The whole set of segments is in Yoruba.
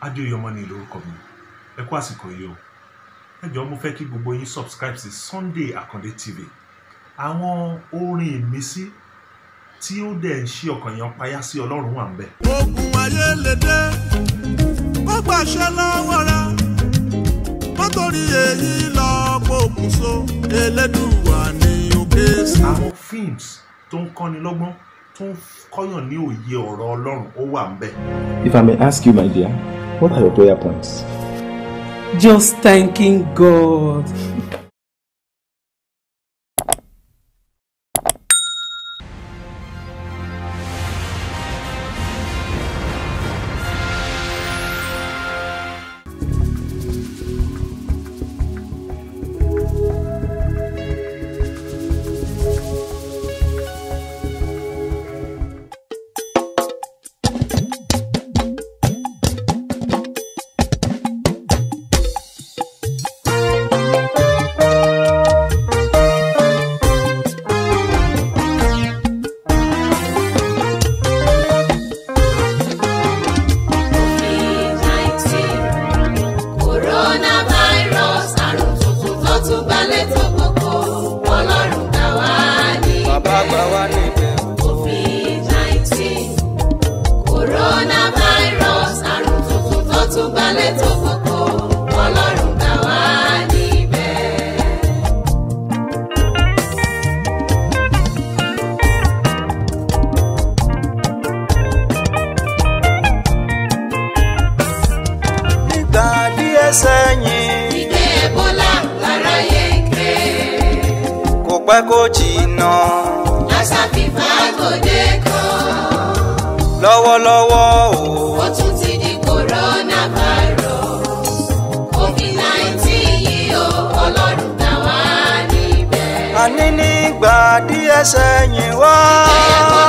adéyọmọ ni lórúkọ mi ẹ kú àsìkò yìí o ẹ jọ̀ọ́ mo fẹ́ kí gbogbo yín subscribe sí Sunday Akande TV àwọn orin ìmísí tí ó dẹ̀ ń ṣe ọkàn yẹn payá sí ọlọ́run wà ń bẹ̀. ogun ayé lè dé ó gbàṣẹ lọ́wọ́ ra nítorí èyí lọ pokùnso elédùwà ní òkè sí. àwọn films tó ń kọ́ni lọ́gbọ́n tó ń kọ́yàn ní òye ọ̀rọ̀ ọlọ́run ó wà ń bẹ̀. If I may ask you my dear. What are your prayer points? Just thanking God. go. pẹ́ kó jìnnà. Àṣàbí Fágòdé kọ́. lọ́wọ́lọ́wọ́ o. ó tún ti di corona virus covid nineteen yìí o ọlọ́run gbà wá níbẹ̀. a ní nígbà díẹ̀ sẹ́yìn wá. ẹ̀yà kọ́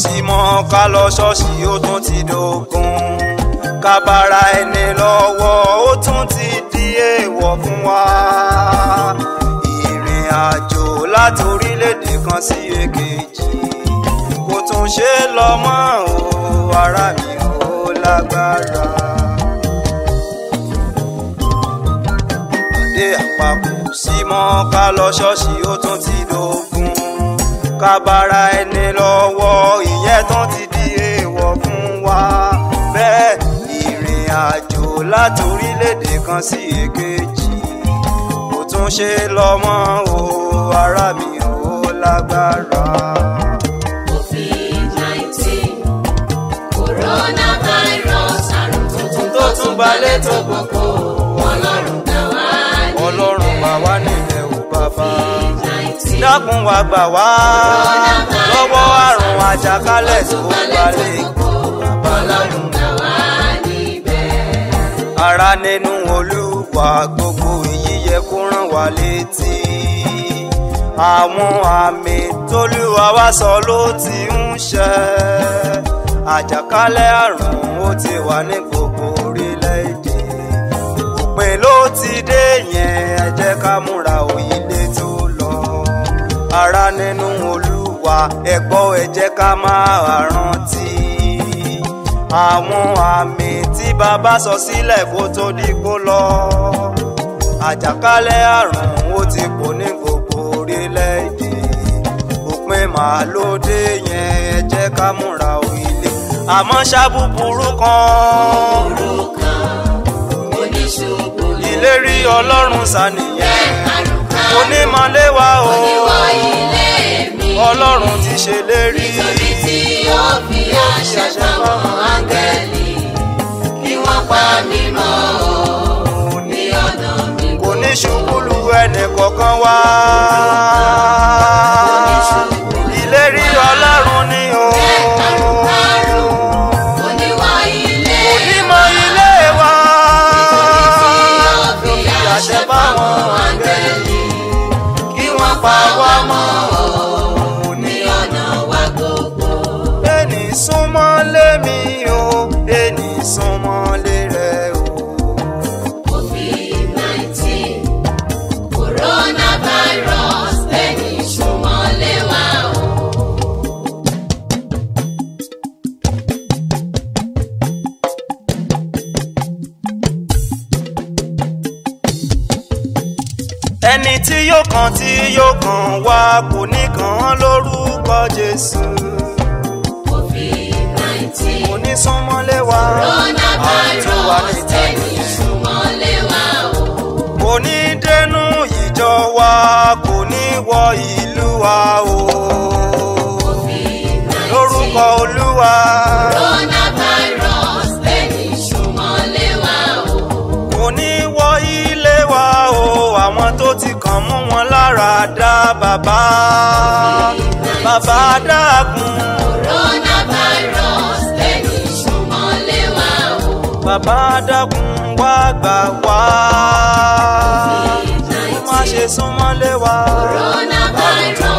símọ́ ká lọ ṣọ́ọ̀ṣì ó tún ti dógún ká bára ẹni lọ́wọ́ ó tún ti di èèwọ̀ fún wa ìrìn àjò láti orílẹ̀-èdè kan sí èkejì kò tún ṣe lọ mọ́ o ara mi ò lágbára. àdé àpapọ̀ símọ́ ká lọ ṣọ́ọ̀ṣì ó tún ti dógún ká bára ẹni lọ́wọ́. láti orílẹ̀-èdè kan sí èkejì kò tún ṣe lọ́mọ o ara mi ò lágbára. COVID-19 coronavirus àrùn tuntun tó tún balẹ̀ tó gbogbo ọlọ́run gbà wá nílẹ̀ ọlọ́run gbà wá ò bàbá dákun wá gbà wá lọ́wọ́ àrùn àjàkálẹ̀ tó gbalẹ̀ ọlọ́run agbára nínú olúwa gbogbo èyí yẹ kó rán wa létí àwọn àmì tólúwa wá sọ ló ti ń ṣe àjàkálẹ̀ àrùn ó ti wà ní gbogbo orílẹ̀-èdè òpin ló ti dé yẹn ẹ jẹ́ ká múra òyìnlé tó lọ ara nínú olúwa ẹ ẹ jẹ́ ká máa rántí àwọn àmì tí bàbá sọ sílẹ̀ kó tó di kó lọ àjàkálẹ̀ àrùn ó ti pọ̀ ní gbogbo orílẹ̀-èdè òpin màlódé yẹn ẹ jẹ́ ká múra o ilé àmọ́ ṣá búburú kan ìlérí ọlọ́run sànìyàn onímọ̀lẹ́wà o ọlọ́run ti ṣe lérí. nítorí tí ó fi àṣẹ táwọn áńgẹ́lì ni wọ́n pa mí mọ́ o ní ọ̀nà mi. kò ní ṣùkúlù ẹnì kankan wá. kò ní ṣùkúlù. ọlọ́run wa kò ní kàn án lórúkọ jésù. covid-19 kò ní súnmọ́lé wa coronavirus tẹ̀lé súnmọ́lé wa o. kò ní dẹnu ìjọ wa kò ní wọ ìlú wa o. covid-19 lórúkọ olúwa coronavirus. tó ti kàn mú wọn lára dá bàbá bàbá dákun. coronavirus lẹ́nu ìṣùmọ̀lé wa o. bàbá dákun wá gbà wá má ṣe súnmọ́lé wa. coronavirus.